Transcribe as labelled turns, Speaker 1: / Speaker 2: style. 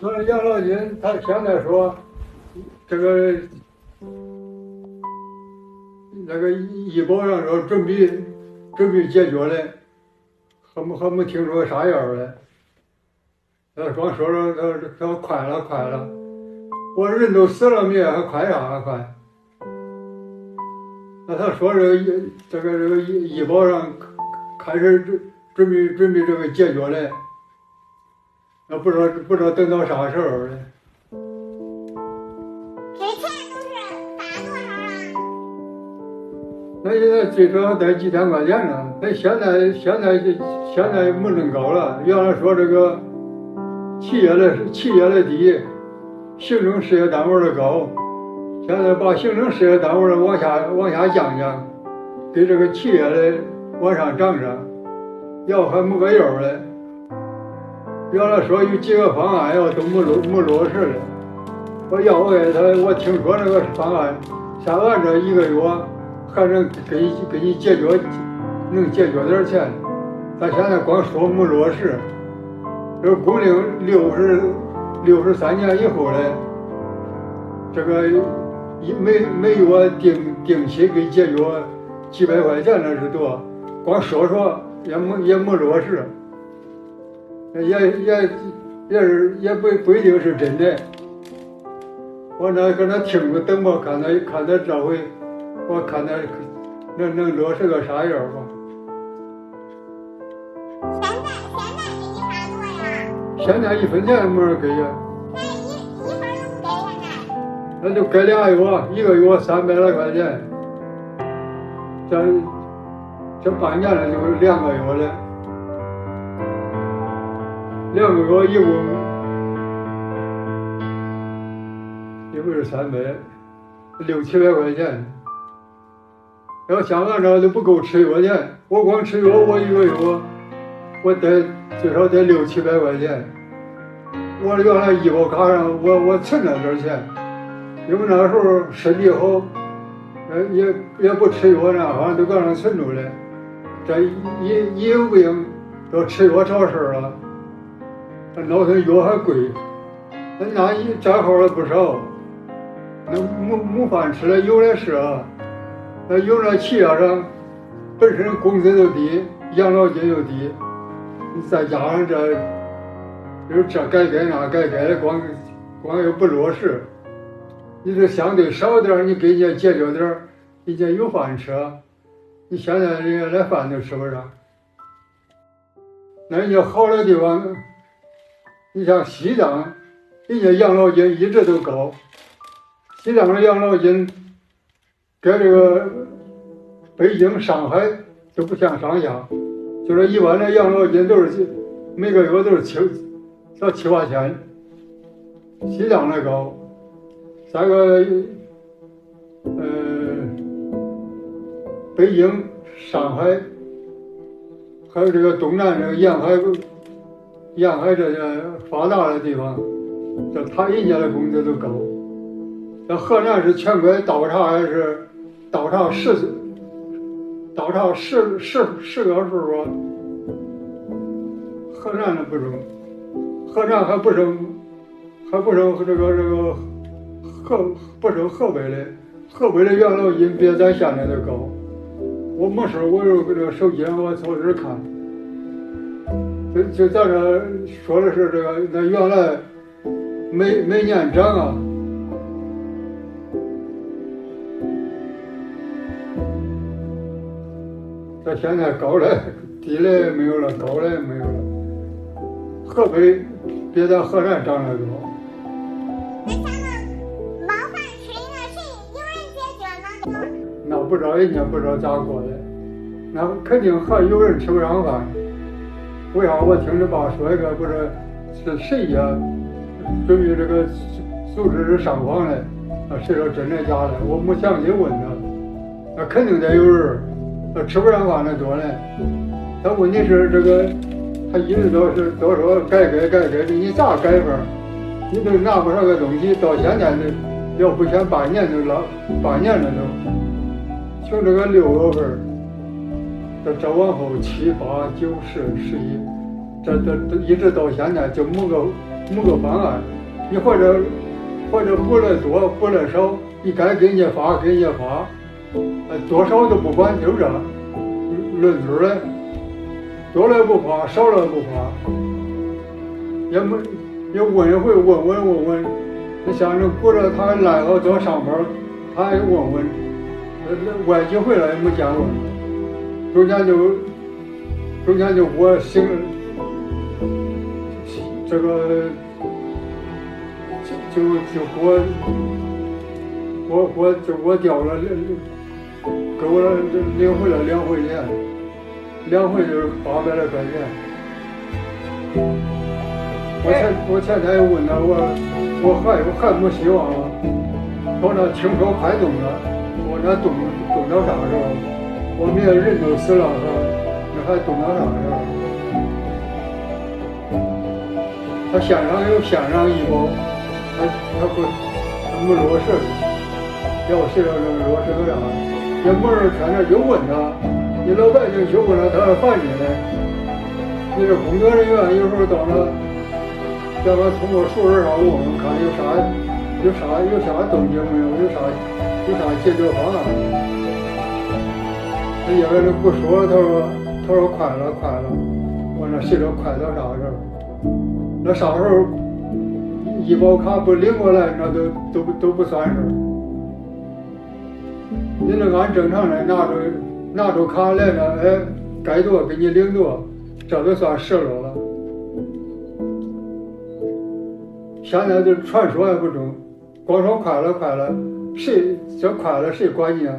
Speaker 1: 他說養老金他現在說這個那個醫保上說準備準備解決嘞，還沒還沒聽說啥樣嘞，他說，說說他他快了快了，我人都死了沒還快啥還快。那他說這醫、個、這個這個醫保上開始準準備準備這個解決嘞。那不知道不知道等到啥時候嘞？之前都是發多少了？那現在最少得幾千塊錢呢？那現在現在現在沒那麼高了。原來說這個企業的企業的低，行政事業單位的高，現在把行政事業單位的往下往下降降，給這個企業的往上漲漲，要還木個由兒嘞？原來說有幾個方案要都沒落沒落實嘞。我要我給他，我聽說那個方案，像俺這一個月還能給給你解決，能解決點錢。他現在光說沒落實。這工齡六十、六十三年以後嘞，這個一每每月定定期給解決幾百塊錢那是多，光說說也沒也沒落實。也也也是也不不一定是真的，我那擱那聽着等吧，看他看他這回，我看他能能落實個啥樣吧現。現在現在給你發多少呀？現在一分錢也沒人給呀？那一一分都不給現在？那就給倆月，一個月三百來塊錢，這這半年了，就是兩個月了。兩個月一共一共是三百六七百塊錢，要像俺這樣都不夠吃藥錢。我光吃藥，我一個月我得最少得六七百塊錢。我原來醫保卡上我我存了點錢，因為那時候身體好，也也也不吃藥呢，反正都擱那存着嘞。這一一就有病要吃藥，找事兒了。那老些藥還貴，那那也攢好了不少，那沒沒飯吃的油來了，有的是。那有的企業上本身工資就低，養老金又低，你再加上這，又這改革那改革的，光光又不落實。你這相對少點，你給人家解決點，人家有飯吃。你現在人家連飯都吃不上，那人家好的地方。你像西藏，人家養老金一直都高。西藏的養老金跟這個北京、上海都不相上下，就是一般的養老金都是每個月都是七到七八千，西藏的高。再個，嗯、呃，北京、上海，還有這個東南這個沿海。沿海這些發達的地方，這他一年的工資都高。這河南是全國倒查，還是倒查十，倒查十十十個數吧。河南的不中。河南還不如，還不如這個這個河不如河北的，河北的養老金比咱現在的高。我沒事，我就擱這個手機上，我從這兒看。就就咱這說的是這個，那原來每每年漲啊，這現在高了低了也沒有了，高了也沒有了。河北比咱河南漲得多。那咋弄？麻煩誰呢？誰有人解決呢？那不知道人家不知道咋過的？那肯定還有人吃不上飯。為啥我聽你爸說一個不是是誰呀？準備這個組織是上訪嘞？啊，誰說真的假的？我沒詳細問他。那肯定得有人，那吃不上飯的多嘞。他問題是這個，他一直都是都說改革改革的，你咋改法？你都拿不上個東西，到現在都要不欠半年都老半年了都，從這個六月份。這這往後七八九十十一，這這都一直到現在就沒個沒個方案。你或者或者補了多補了少，你該給人家發給人家發，呃多少都不管就這、是，論村兒的，多了不發，少了不發，也沒也問一回問問問問，你想着或者他哪個在上班，他也問問，那那外幾回來也沒見過。中間就，中間就我行，這個這就就就我，我就我就我掉了兩，給我領回來兩回錢，兩回就是八百來塊錢。我前我前天又問他我，我還我還沒希望啊，我那聽說快動了啊，我那動動到啥時候？我們這人都死了哈，那還動到啥呀？他縣長有縣長的醫保，他他不他沒落實。要誰說落實都啥？也沒人天天去問他。你老百姓去問他，他還煩你呢。你這工作人員有時候到了，下班通過熟人上問問看有啥有啥有啥動靜沒有？有啥有啥解決方案？人家都不說，他說他說快了快了，我那寫着快到啥時候？那啥時候醫保卡不領過來，那都都都不，都不算數。你那按正常的拿着拿着卡來了，哎，該多給你領多，這都算實落了。現在這傳說還不中，光說快了快了，誰這快了誰管你啊？